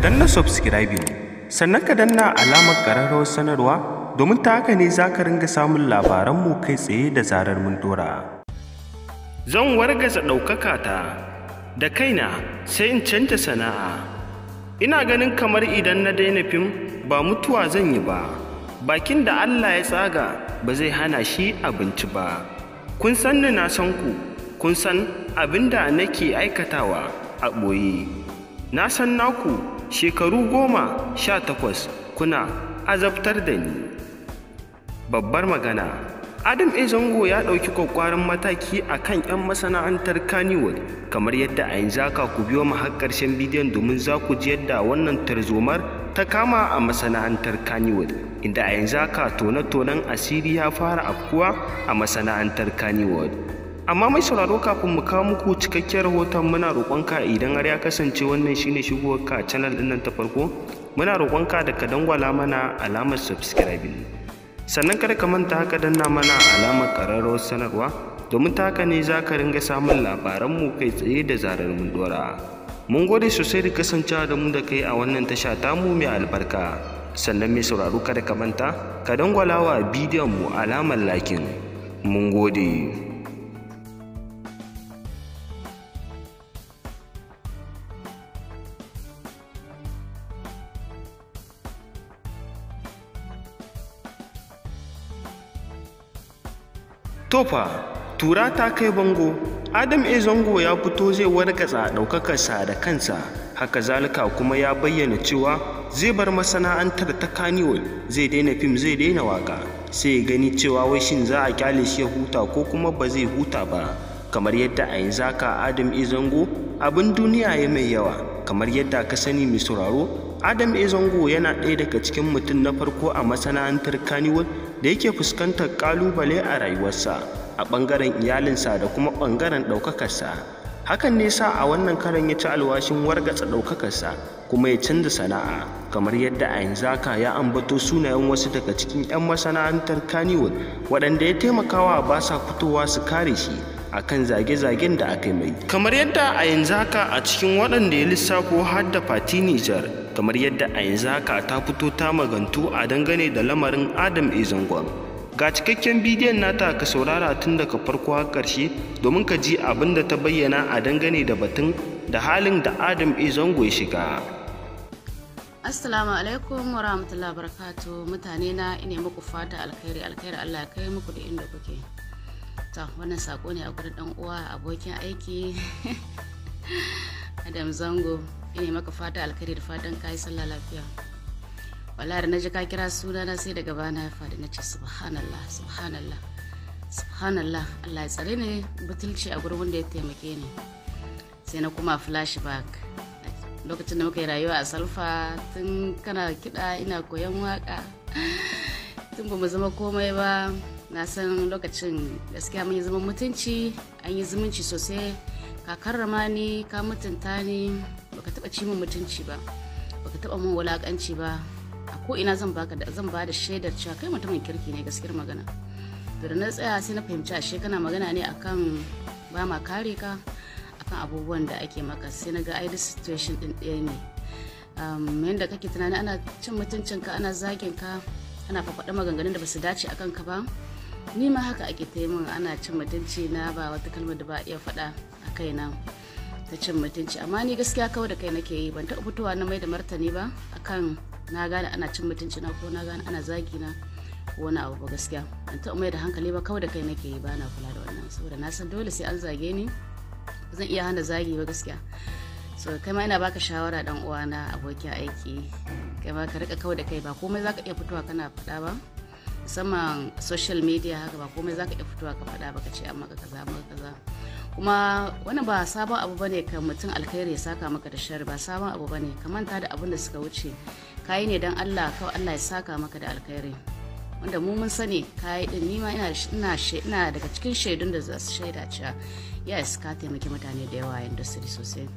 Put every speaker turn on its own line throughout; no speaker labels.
danna subscribing sannan ka danna alamar ƙararrawar sanarwa domin ta haka ne za ka ringa samun labaranmu kai tsaye da zarar mun dora. Zan wargaza ɗaukaka ta da kaina sai in canta sana'a. Ina ganin kamar idan na daina fim ba mutuwa zan yi ba, bakin da Allah ya tsaga ba zai hana shi abinci ba. Kun san ni na san ku, kun san abin da nake aikatawa a ɓoye. na san naku shekaru goma sha takwas kuna azabtar da ni babbar magana adam a zango ya ɗauki kwakwaran mataki a kan 'yan masana'antar Kannywood, kamar yadda a yanzu aka ku biyo mu har ƙarshen bidiyon domin za ku ji yadda wannan tarzomar ta kama a masana'antar Kannywood, inda a yanzu aka tona-tonan asiri ya fara afkuwa a masana'antar Kannywood. amma mai sauraro kafin mu kawo muku cikakkiyar rahoton muna roƙonka idan har ya kasance wannan shine shigowarka a channel din nan ta farko muna roƙonka da ka dangwala mana alamar subscribing sannan kada ka manta haka danna mana alamar ƙararrawar sanarwa domin ta haka ne za ka ringa samun labaranmu kai tsaye da zarar mun dora mun gode sosai da kasancewa da mu da kai a wannan tasha tamu mai albarka sannan mai sauraro kada ka manta ka dangwala wa bidiyon mu alamar lakin mun gode tofa tura ta kai bango adam e zango ya fito zai wargatsa ɗaukakarsa da kansa haka zalika kuma ya bayyana cewa zai bar masana'antar ta kaniwal zai daina fim zai daina waka sai ya gani cewa wai shin za a kyale shi ya huta ko kuma ba zai huta ba kamar yadda a yanzu haka adam e zango abin duniya ya mai yawa kamar yadda ka sani mai sauraro Adam Ezongo yana ɗaya daga cikin mutum na farko a masana'antar Kannywood da yake fuskantar ƙalubale a rayuwarsa a ɓangaren iyalinsa da kuma ɓangaren ɗaukakarsa. Hakan ne sa a wannan karan ya ci alwashin wargatsa ɗaukakarsa kuma ya canza sana'a kamar yadda a yanzu haka ya ambato sunayen wasu daga cikin 'yan masana'antar Kannywood waɗanda ya taimakawa ba sa fitowa su kare shi akan zage-zagen da aka yi mai. Kamar yadda a yanzu haka a cikin waɗanda ya lissafo har da Fati Nijar kamar yadda a yanzu haka ta fito ta magantu a dangane da lamarin adam izangon ga cikakken bidiyon nata ka saurara tun daga farko har ƙarshe domin ka ji abin da ta bayyana a dangane da batun da halin da adam izango ya shiga
assalamu alaikum wa rahmatullahi barakatu mutane na ina muku fata alkhairi alkhairi allah kai muku da inda kuke ta wannan sako ne a gurin dan uwa abokin aiki adam zango ina eh, maka fata alkhairi da fatan kayi sallah lafiya wala da ji ka kira suna na sai daga bana ya faɗi ce subhanallah subhanallah subhanallah Allah ya tsare ne butulci a gurin da ya taimake ni sai na kuma flashback lokacin da muka yi rayuwa a salfa tun kana kiɗa ina koyon waka tun ba mu zama komai ba na san lokacin gaskiya mun yi zaman mutunci an yi zumunci sosai ka karrama ni ka mutunta ni baka taba ci min mutunci ba baka taba min wulakanci ba a ko ina zan baka da zan bada shaidar cewa kai mutumin kirki ne gaskiyar magana to da na tsaya sai na fahimci ashe kana magana ne akan ba ma kare ka akan abubuwan da ake maka sai na ga ai situation din ɗaya ne yadda kake tunani ana cin mutuncinka ana zagin ka ana fafaɗa maganganun da ba su dace akan ka ba ni ma haka ake taimun ana cin mutunci na ba wata kalmar da ba iya faɗa a kaina ta cin mutunci amma ni gaskiya kawai da kai nake yi ban taɓa fitowa na mai da martani ba akan na gane ana cin mutunci na ko na gane ana zagi na wani abu ba gaskiya ban taɓa mai da hankali ba kawai da kai nake yi ba na kula da wannan saboda na san dole sai an zage ni zan iya hana zagi ba gaskiya so kai ma ina baka shawara dan uwa na abokin aiki kai ma ka rika kawai da kai ba komai zaka iya fitowa kana faɗa ba musamman social media haka ba komai zaka iya fitowa ka faɗa ba ka ce amma ka kaza amma kaza kuma wani ba sabon abu bane ka mutum alkhairi ya saka maka da shari ba sabon abu bane ka manta da abin da suka wuce kayi ne dan Allah kawai Allah ya saka maka da alkhairi wanda mu mun sani kayi din nima ina ina daga cikin shaidun da za su shaida cewa ya iska taimaki mutane da yawa a su sosai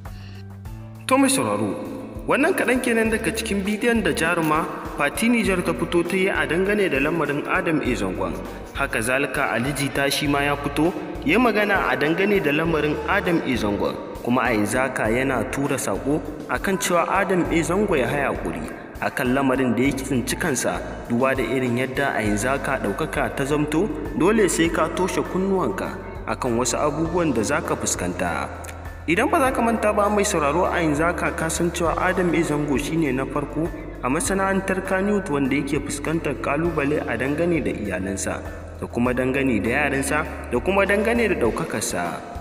to mai sauraro wannan kaɗan
kenan daga cikin bidiyon da jaruma fati nijar ta fito ta yi a dangane da lamarin adam e zangon haka zalika aliji ta shi ma ya fito ya magana a dangane da lamarin adam e zangon kuma a yanzu haka yana tura saƙo akan cewa adam e zangon ya haya kuri akan lamarin da ya tsinci kansa duba da irin yadda a yanzu haka ɗaukaka ta zamto dole sai ka toshe kunnuwanka akan wasu abubuwan da zaka fuskanta Idan ba za ka manta ba mai sauraro a yin haka ka san cewa Adam e Zango shine na farko a masana'antar Kanut wanda yake fuskantar kalubale a dangane da iyalansa da kuma dangane da yaransa da kuma dangane da ɗaukakarsa.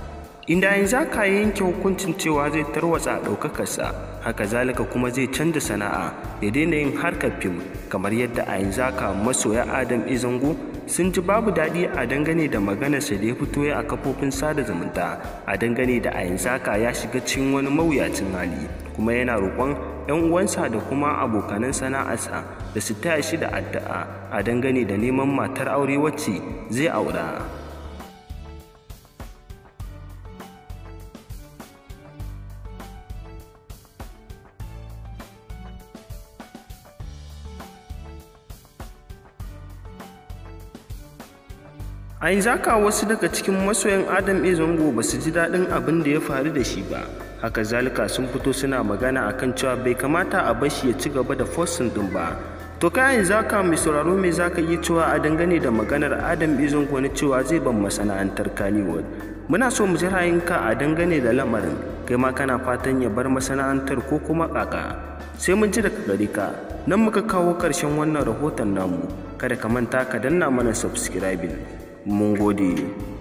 inda in za ka yanke hukuncin cewa zai tarwatsa ɗaukakarsa haka zalika kuma zai canza sana'a ya daina yin harkar fim kamar yadda a yanzu haka masoya adam izango sun ji babu daɗi a dangane da maganarsa da ya fito ya a kafofin sada zumunta a dangane da a yanzu haka ya shiga cikin wani mawuyacin hali kuma yana roƙon 'yan uwansa da kuma abokanan sana'arsa da su taya shi da addu'a a dangane da neman matar aure wacce zai aura. a yanzu wasu daga cikin masoyan adam e zango ba su ji daɗin abin da ya faru da shi ba haka zalika sun fito suna magana a kan cewa bai kamata a bar shi ya ci gaba da fosin ɗin ba to kai yanzu mai sauraro mai zaka iya cewa a dangane da maganar adam e na cewa zai ban masana'antar kaliwood muna so mu ji ra'ayinka a dangane da lamarin kai ma kana fatan ya bar masana'antar ko kuma kaka sai mun ji daga gare ka nan muka kawo ƙarshen wannan rahoton namu kada ka manta ka danna mana subscribing 蒙古的。